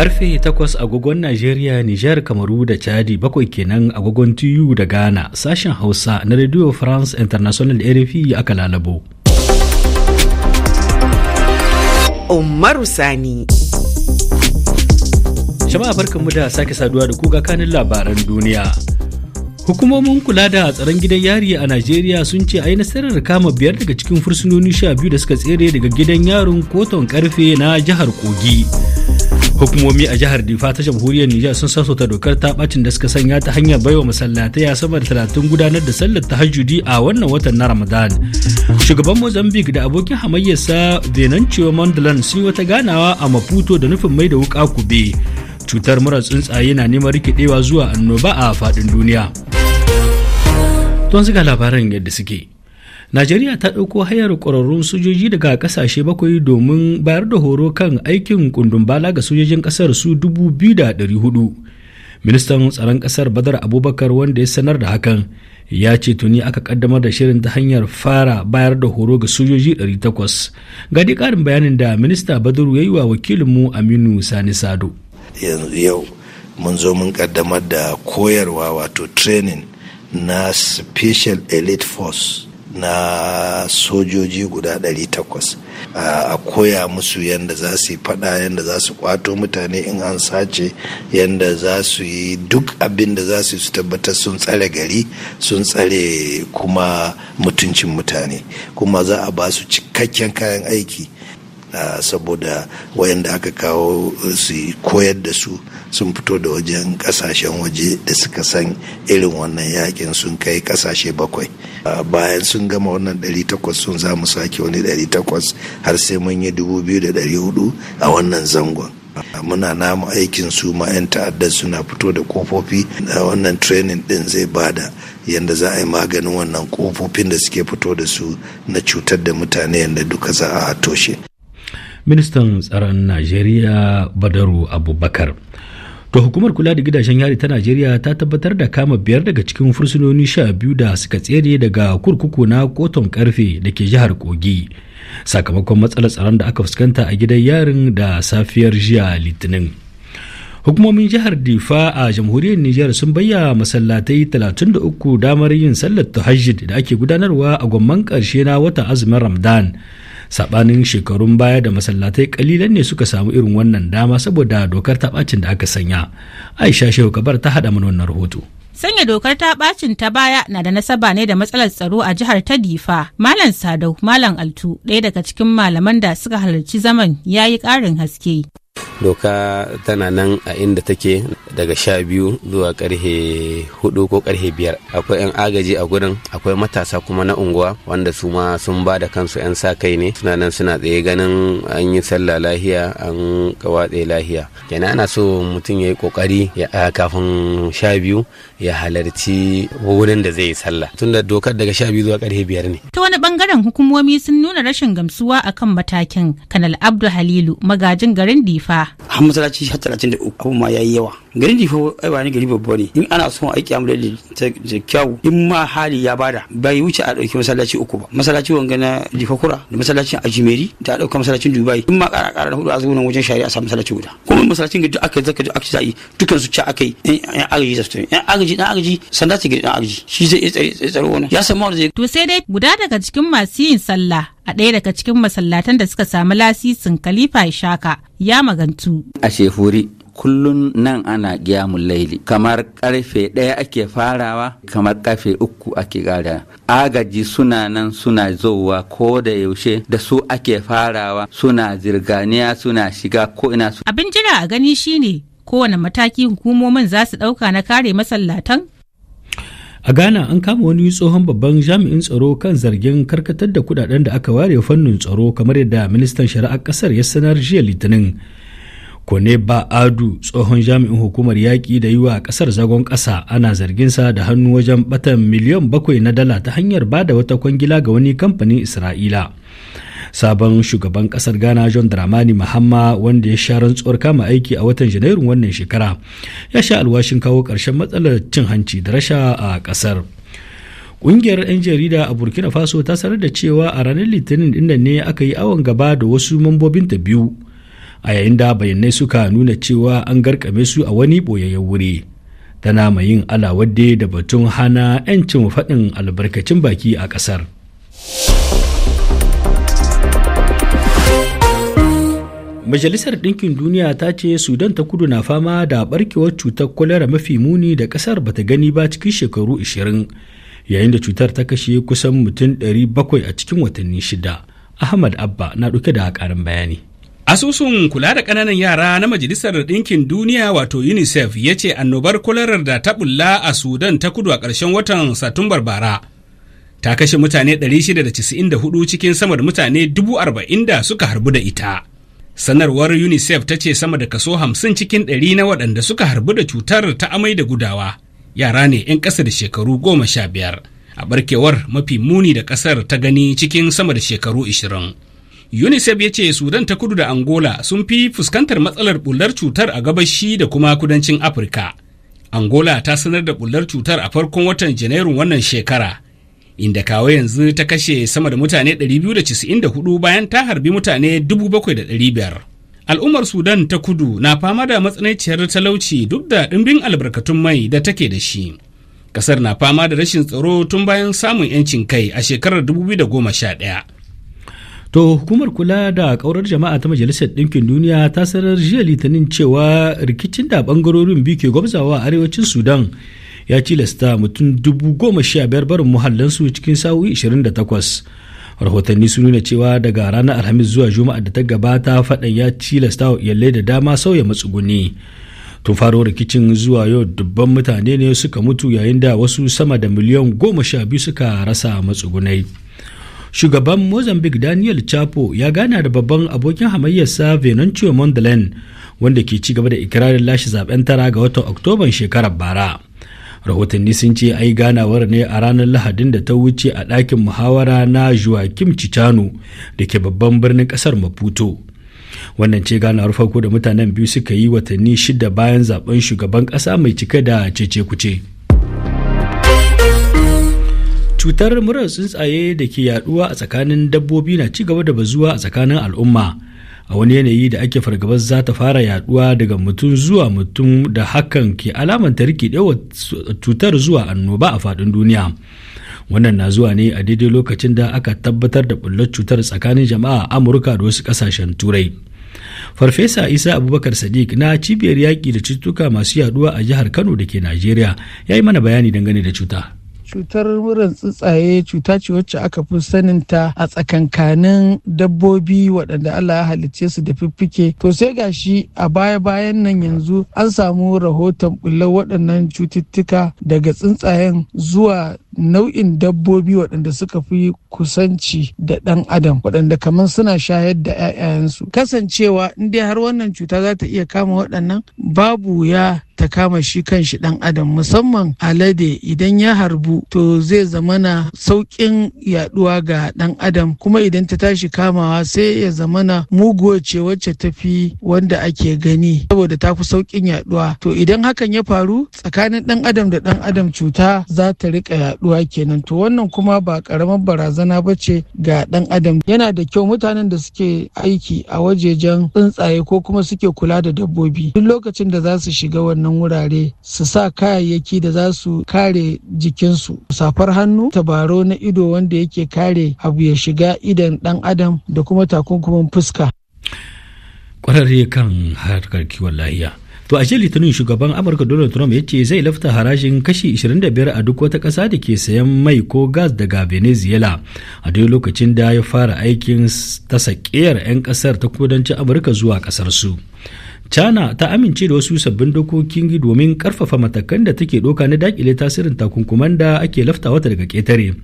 Karfe 8 agogon Najeriya, Nijar, Kamaru da Chadi bakwai kenan agogon TU da Ghana sashen Hausa na Radio France International RFI aka lalabo. Umaru Sani. Jama'a barkanmu da sake saduwa da kuga kanin labaran duniya. Hukumomin kula da tsaron gidan yari a Najeriya sun ce a yi nasarar kama biyar daga cikin fursunoni sha biyu da suka tsere daga gidan yarin koton karfe na jihar Kogi. hukumomi a jihar difa ta jamhuriyar nijar sun sassauta dokar ta bacin da suka sanya ta hanyar baiwa masallatai sama da talatin gudanar da sallar ta tahajjudi a wannan watan na ramadan shugaban mozambique da abokin hamayyarsa venancio mandalan sun yi wata ganawa a maputo da nufin mai da wuka kube cutar mura tsuntsaye na neman rikidewa zuwa annoba a faɗin duniya don labaran yadda suke najeriya ta ɗauko hayar ƙwararrun sojoji daga ƙasashe bakwai domin bayar da horo kan aikin ƙundumbala ga sojojin ƙasar su dubu biyu da ɗari hudu ministan tsaron ƙasar badar abubakar wanda ya sanar da hakan ya ce tuni aka kaddamar da shirin ta hanyar fara bayar da horo ga sojoji 800 ga ƙarin bayanin da minista badru ya yi wa wakilinmu aminu sani sado yanzu yau mun zo mun kaddamar da koyarwa wato training na special elite force na sojoji guda 800 a koya musu yadda za su yi fada yadda za su kwato mutane in an sace yadda za su yi duk abin da za su yi su tabbatar sun tsare gari sun tsare kuma mutuncin mutane kuma za a ba su cikakken kayan aiki Ah, saboda wayanda aka kawo eh, su koyar da su sun fito da wajen kasashen waje da suka san irin wannan yakin sun kai kasashe bakwai ah, bayan sun gama wannan 800 sun za mu sake wani 800 har sai mun yi 2,400 a wannan zangon ah, muna namu aikin su ma 'yan ta'addar suna fito da kofofi da wannan training din zai bada yadda za a yi maganin wannan kofofin da suke fito da su na cutar da mutane yadda duka za a toshe ministan tsaron najeriya badaru abubakar to hukumar kula da gidajen yari ta najeriya ta tabbatar da kama biyar daga cikin fursunoni sha biyu da suka tsere daga kurkuku na koton karfe da ke jihar kogi sakamakon matsalar tsaron da aka fuskanta a gidan yarin da safiyar jiya litinin hukumomin jihar difa a jamhuriyar nijar sun bayya masallatai 33 damar yin sallar tuhajjid da ake gudanarwa a gwamman karshe na watan azumin ramadan sabanin shekarun baya da masallatai kalilan ne suka samu irin wannan dama saboda dokar ta bacin da aka sanya aisha shehu kabar ta haɗa mana wannan rahoto Sanya dokar ta bacin ta baya na da nasaba ne da matsalar tsaro a jihar ta Difa. Malam Sadau, Malam Altu, ɗaya daga cikin malaman da suka halarci zaman ya yi ƙarin haske. doka tana nan a inda take daga sha biyu zuwa karhe hudu ko karhe biyar akwai 'yan agaji a gurin akwai matasa kuma na unguwa wanda su ma sun ba da kansu 'yan sa kai ne suna nan suna tsaye ganin an yi sallah lahiya an kawatse lahiya kenan ana so mutum ya yi kokari ya kafin sha biyu ya halarci wurin da zai yi sallah tunda dokar daga sha biyu zuwa karhe biyar ne ta wani bangaren hukumomi sun nuna rashin gamsuwa akan matakin kanal abdu halilu magajin garin difa har masallaci har talatin da uku ma ya yi yawa garin difo ai ba ni gari babba ne in ana son aiki amma da kyau in ma hali ya bada bai wuce a ɗauki masallaci uku ba masallaci wanga na difo kura da masallacin ajimeri da ɗauka masallacin dubai in ma kara ƙara hudu a zuwa wajen shari'a a samu masallaci guda kuma masallacin gidi aka zaka da aka yi dukan su ci aka yi yan agaji za su tafi yan agaji dan agaji sanda ce gidi dan agaji shi zai tsare tsaro wannan ya san ma to sai dai guda daga cikin masu yin sallah a ɗaya daga cikin masallatan da suka samu lasisin Khalifa Ishaka ya magantu. A shehuri kullum nan ana mu laili kamar karfe ɗaya ake farawa kamar karfe uku ake gara agaji suna nan suna zowa ko da yaushe da su ake farawa suna zirganiya suna shiga ko ina su abin jira a gani shine kowane mataki hukumomin za su ɗauka na kare masallatan a ghana an kama wani tsohon babban jami'in tsaro kan zargin karkatar da kudaden da aka ware fannin tsaro kamar yadda ministan shari'ar kasar ya sanar jiya litinin kone ba adu tsohon jami'in hukumar yaƙi da yi a kasar zagon ƙasa ana zarginsa da hannu wajen batan miliyan bakwai na dala ta hanyar ba da wata kwangila ga wani kamfanin isra'ila sabon shugaban kasar ghana john dramani mahama wanda ya sha rantsuwar kama aiki a watan janairun wannan shekara ya sha alwashin kawo ƙarshen matsalar cin hanci da rasha a kasar Ƙungiyar 'yan jarida a Burkina Faso ta sanar da cewa a ranar Litinin inda ne aka yi awon gaba da wasu mambobin mambobinta biyu, a yayin da bayanai suka nuna cewa an garkame su a wani ɓoyayyen wuri. Tana mai yin alawadde da batun hana 'yancin faɗin albarkacin baki a ƙasar. Majalisar Ɗinkin Duniya ta ce Sudan ta kudu na fama da barkewar cutar kwalara mafi muni da ƙasar bata gani ba cikin shekaru 20 yayin da cutar ta kashe kusan mutum 700 a cikin watanni shida. Ahmad Abba na ɗauke da ƙarin bayani. Asusun kula da ƙananan yara na Majalisar Ɗinkin Duniya wato UNICEF ya ce annobar kwalarar da ta bulla a Sudan ta kudu a ƙarshen watan Satumbar bara. Ta kashe mutane 694 cikin sama da mutane 40,000 da suka harbu da ita. sanarwar unicef ta ce sama da kaso hamsin cikin ɗari na waɗanda suka harbu da cutar ta amai da gudawa yara ne 'yan ƙasa da shekaru goma sha biyar a barkewar mafi muni da ƙasar ta gani cikin sama da shekaru ishirin unicef ya ce sudan ta kudu da angola sun fi fuskantar matsalar ɓullar cutar a gabashi da kuma kudancin afirka angola ta sanar da ɓullar cutar a farkon watan janairun wannan shekara inda kawo yanzu ta kashe sama da mutane 294 bayan ta harbi mutane 7,500. Al'ummar Sudan ta kudu na fama da matsananciyar talauci duk da ɗimbin albarkatun mai da take da shi. Kasar na fama da rashin tsaro tun bayan samun 'yancin kai a shekarar 2011. To hukumar kula da kaurar jama'a ta Majalisar Ɗinkin Duniya ta sanar jiya Litinin cewa rikicin da bangarorin biyu ke gwamzawa a arewacin Sudan ya tilasta mutum dubu goma sha biyar barin muhallansu cikin sa'o'i 28 rahotanni sun nuna cewa daga ranar alhamis zuwa juma'a da ta gabata faɗan ya tilasta wa iyalai da dama sauya matsuguni tun faro rikicin zuwa yau dubban mutane ne suka mutu yayin da wasu sama da miliyan goma sha biyu suka rasa matsugunai shugaban mozambique daniel chapo ya gana da babban abokin hamayyarsa venancio mondlane wanda ke ci gaba da ikirarin lashe zaben tara ga watan oktoban shekarar bara rahotanni sun ce ai ganawar ne a ranar lahadin da ta wuce a ɗakin muhawara na joaquim chichano da ke babban birnin ƙasar maputo wannan ce ganawar farko da mutanen biyu suka yi watanni shida bayan zaben shugaban ƙasa mai cike da cece kuce cutar mura tsuntsaye da ke yaduwa a tsakanin dabbobi na ci gaba da bazuwa a tsakanin al'umma a wani yanayi da ake fargabar za ta fara yaduwa daga mutum zuwa mutum da hakan ke alamanta rikidewar cutar zuwa annoba a faɗin duniya wannan na zuwa ne a daidai lokacin da aka tabbatar da bullar cutar tsakanin jama'a amurka da wasu ƙasashen turai farfesa isa abubakar sadiq na cibiyar yaƙi da cututtuka masu yaduwa a jihar kano da ke najeriya ya yi mana bayani dangane da cuta cutar muran tsuntsaye cuta ce wacce aka fi sanin ta a tsakankanin dabbobi waɗanda Allah ya halicce su da fiffike to sai gashi a baya-bayan nan yanzu an samu rahoton bullar waɗannan cututtuka daga tsuntsayen zuwa nau'in dabbobi waɗanda suka fi kusanci da ɗan adam waɗanda kamar suna shayar da 'ya'yansu kasancewa in har wannan cuta za ta iya kama waɗannan babu ya ta kama shi kan shi dan adam musamman alade idan ya harbu to zai zamana saukin yaduwa ga dan adam kuma idan ta tashi kamawa sai ya zamana muguwa ce wacce ta fi wanda ake gani saboda ta fi saukin yaduwa to idan hakan ya faru tsakanin dan adam da dan adam cuta za ta rika yaduwa kenan to wannan kuma ba karamar barazana ba ce ga dan adam yana da kyau mutanen da suke aiki a wajejen tsuntsaye ko kuma suke kula da dabbobi duk lokacin da za su shiga wannan waɗannan wurare su sa kayayyaki da za su kare jikinsu safar hannu tabaro na ido wanda yake kare abu ya shiga idan ɗan adam da kuma takunkumin fuska kwararre kan harkar kiwon lahiya to a litinin shugaban amurka donald trump ya ce zai lafta harashin kashi 25 a duk wata ƙasa da ke sayan mai ko gas daga venezuela a duk lokacin da ya fara aikin tasakiyar 'yan ƙasar ta kudancin amurka zuwa ƙasarsu su china ta amince da wasu sabbin dokokin domin karfafa matakan da take doka na dakile tasirin takunkuman da ake lafta wata daga ketare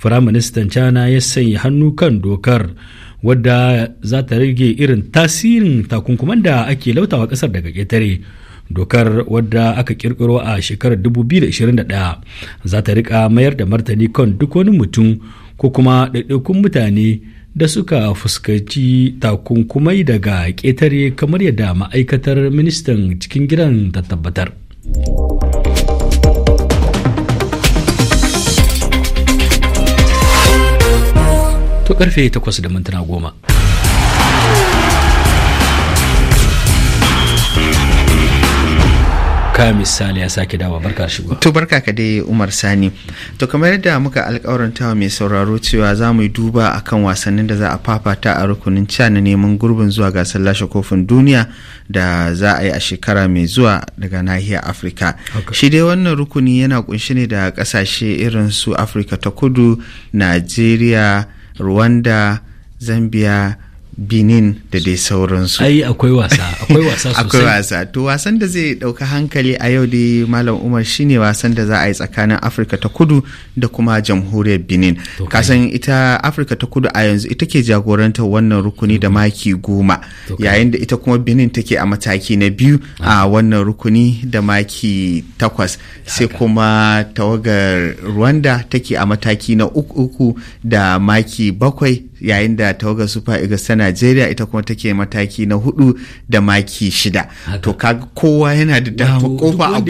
firaministan china ya sanya hannu kan dokar wadda za ta rage irin tasirin takunkuman da ake lautawa kasar daga ketare dokar wadda aka kirkiro a shekarar 2021 za ta rika mayar da martani kan duk wani mutum ko kuma ɗaiɗaikun mutane da suka fuskanci takunkumai daga ƙetare kamar yadda ma'aikatar ministan cikin gidan ta tabbatar. To karfe 8 da mintuna goma. Ka misali ya sake dawa barka shigo to barka ka dai umar sani to kamar yadda muka wa mai sauraro cewa za mu yi duba akan wasannin da za a fafata a rukunin ca na neman gurbin zuwa gasar lashe kofin duniya da za a yi a shekara mai zuwa daga nahiyar afirka shi dai wannan rukuni yana kunshi ne da ƙasashe irin su afirka ta kudu najeriya rwanda zambia benin da dai sauransu ai akwai wasa akwai wasa sosai akwai wasa to wasan da zai dauka hankali a yau dai malam umar shine wasan da za a yi tsakanin afirka ta kudu da kuma jamhuriyar benin kasan ita afirka ta kudu a yanzu ita ke jagorantar wannan rukuni da maki goma yayin da ita kuma benin take a mataki na biyu a ah. wannan rukuni da maki takwas sai kuma tawagar rwanda take a mataki na uku da maki bakwai yayin da tawagar super eagles ta nigeria ita kuma take mataki na hudu da maki shida to kaga kowa yana da eh, dama kofa a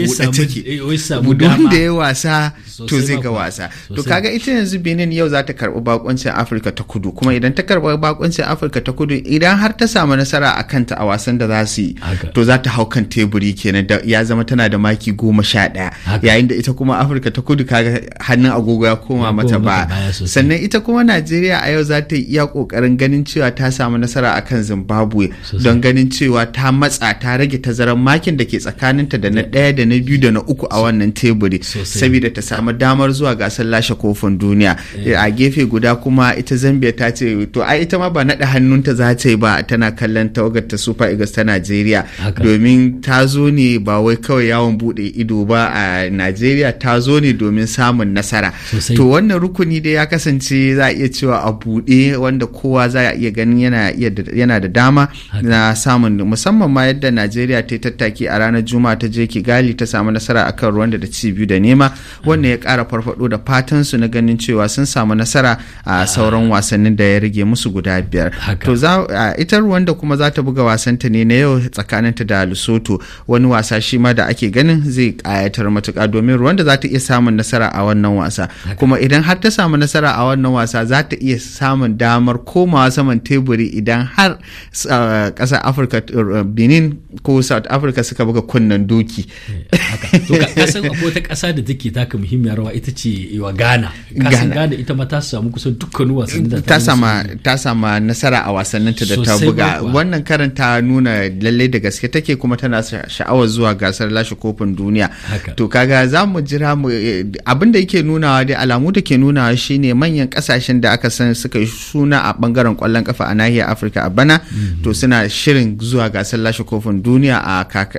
buɗe take da ya wasa to zai ga wasa to kaga ita yanzu benin yau za ta karɓi bakoncin afirka ta kudu kuma idan ta karɓi bakoncin afirka ta kudu idan har ta samu nasara a kanta a wasan da za su yi to za ta hau teburi kenan da ya zama tana da maki goma sha ɗaya yayin da ita kuma afirka ta kudu kaga hannun agogo ya koma mata ba sannan ita kuma najeriya a yau za ta kai iya kokarin ganin cewa ta samu nasara a kan zimbabwe don ganin cewa ta matsa ta rage tazarar makin da ke tsakaninta da na daya da na biyu da na uku a wannan teburi saboda ta samu damar zuwa gasar lashe kofin duniya eh. a gefe guda kuma ita zambia ta ce to ai ita ma ba naɗa hannunta za ta yi ba tana kallon tawagar ta super eagles ta najeriya domin ta zo ne ba wai kawai yawon buɗe ido ba a najeriya ta zo ne domin samun nasara to wannan rukuni dai ya kasance za a iya cewa a buɗe wanda kowa za a iya ganin yana da dama na samun musamman ma yadda najeriya ta yi tattaki a ranar juma ta je kigali ta samu nasara akan ruwanda da ci biyu da nema wannan ya kara farfado da fatan su na ganin cewa sun samu nasara a sauran wasannin da ya rage musu guda biyar to ita ruwanda kuma za ta buga wasan ta ne na yau tsakaninta da lesotho wani wasa shi ma da ake ganin zai kayatar matuka domin ruwanda za ta iya samun nasara a wannan wasa kuma idan har ta samu nasara a wannan wasa za ta iya samun damar komawa saman teburi idan har uh, ƙasar afirka uh, benin ko south africa suka buga kunnen doki eh, kasan akwai wata ƙasa da take taka muhimmiyar rawa ita ce wa ghana kasan ghana ita ma ta samu kusan dukkan wasannin da ta sama nasara a wasannin ta da ta buga wannan karin ta nuna lalle da gaske take kuma tana sha'awar zuwa gasar lashe kofin duniya to kaga za mu jira mu eh, abin da yake nunawa dai alamu da ke nunawa shine manyan kasashen da aka san suka suna a bangaren kwallon kafa a nahiyar afirka a bana mm-hmm. to suna shirin zuwa gasar lashe kofin duniya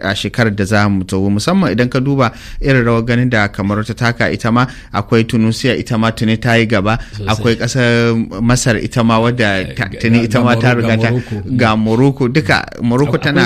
a shekarar da za mu tawo musamman idan ka duba irin rawar ganin da kamar ta taka ita ma akwai tunisia ita ma tuni ta yi gaba akwai kasar masar ita ma wadda eh, tuni ita ma ta riga ta ga morocco duka morocco tana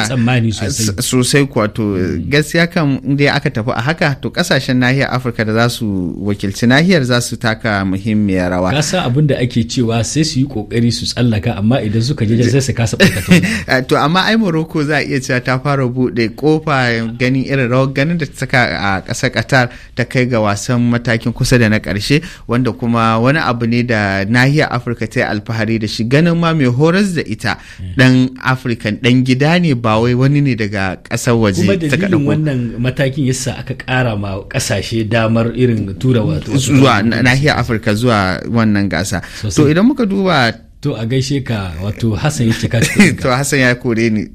sosai kuwa to mm. gaskiya kan inda aka tafi a haka to kasashen nahiyar afirka da za su wakilci nahiyar za su taka muhimmiyar rawa kasa abin ake cewa sai su yi kokari su tsallaka amma idan suka je zai su kasa ɓarkata eh, to amma ai Morocco za a iya cewa ta fara buɗe kofa ganin irin rawar ganin da ta saka a ƙasar Qatar ta kai ga wasan matakin kusa da na ƙarshe wanda kuma wani abu ne da nahiyar Afirka ta yi alfahari da shi ganin ma mai horas da ita dan mm. afirka dan gida ne ba wai wani ne daga ƙasar waje ta kuma dalilin wannan matakin yasa aka ƙara ma ƙasashe damar irin tura wato zuwa nahiyar Afirka zuwa wannan gasa to idan muka duba zuwa to a gaishe ka wato hassan ya cika to hassan ya kore ni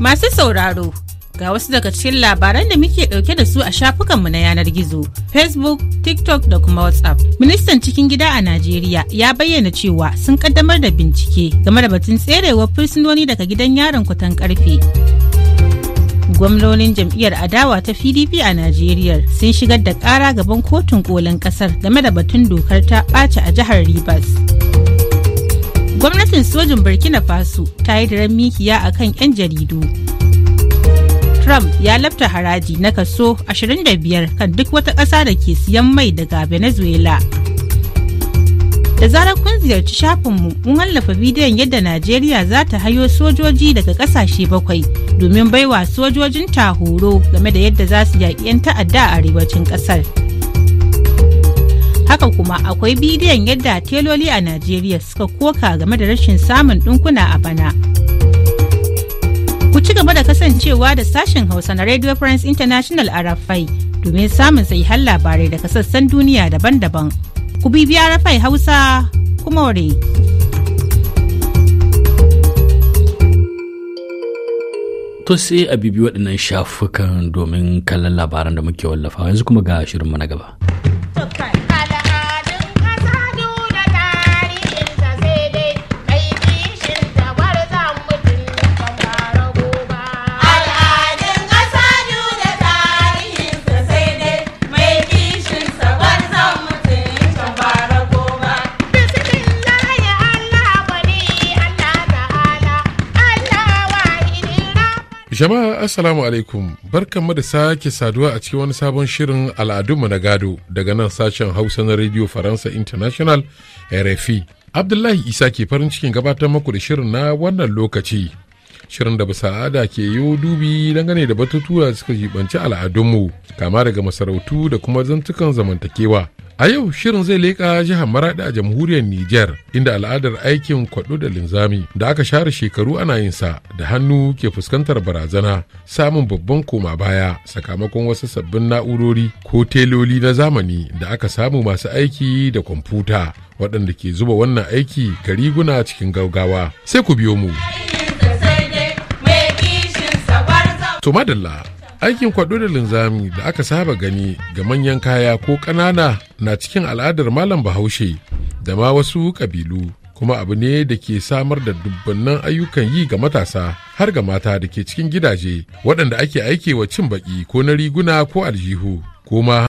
masu sauraro ga wasu daga cikin labaran da muke dauke da su a shafukanmu na yanar gizo facebook tiktok da kuma whatsapp ministan cikin gida a najeriya ya bayyana cewa sun kaddamar da bincike game da batun tserewar fursunoni daga gidan yaron kwatan karfe gwamnonin jam'iyyar adawa ta pdp a najeriya sun shigar da ƙara gaban kotun kolin kasar game da batun dokar ta ɓace a jihar rivers gwamnatin sojin burkina faso ta yi daren mikiya a kan 'yan jaridu trump ya lafta haraji na kaso 25 kan duk wata ƙasa da ke siyan mai daga venezuela Da zarar kun ziyarci shafinmu mun wallafa bidiyon yadda Najeriya za ta hayo sojoji daga kasashe bakwai domin baiwa sojojinta horo game da yadda za su yaƙi 'yan ta'adda a arewacin ƙasar. Haka kuma akwai bidiyon yadda teloli a Najeriya suka koka game da rashin samun ɗinkuna a bana. Ku ci gaba da kasancewa da sashen Hausa na Radio France International a Rafai domin samun sahihan labarai daga sassan duniya daban-daban. ku bi rafai hausa kuma ware. To sai a bibi waɗannan shafukan domin kallon labaran da muke wallafa yanzu kuma ga shirinmu na gaba. Jama'a Assalamu alaikum mu da sake saduwa a cikin wani sabon shirin al'adunmu na gado daga nan sashen Hausa na rediyo Faransa International RFI. Abdullahi Isa ke farin cikin gabatar muku da shirin na wannan lokaci. shirin da bisa al'ada ke yi dubi dangane da batutuwa suka jibanci al'adunmu kama daga masarautu da kuma zantukan zamantakewa a yau shirin zai leƙa jihar maraɗi a jamhuriyar niger inda al'adar aikin kwaɗo da linzami da aka share shekaru ana yin sa da hannu ke fuskantar barazana samun babban koma baya sakamakon wasu sabbin na'urori ko teloli na zamani da aka samu masu aiki da kwamfuta waɗanda ke zuba wannan aiki ga riguna cikin gaugawa sai ku biyo mu. To madalla aikin kwaɗo da linzami da aka saba gani ga manyan kaya ko ƙanana na cikin al'adar malam bahaushe da ma wasu ƙabilu kuma abu ne da ke samar da dubbannan ayyukan yi ga matasa har ga mata da ke cikin gidaje waɗanda ake aikewa cin baƙi ko na riguna ko aljihu ko ma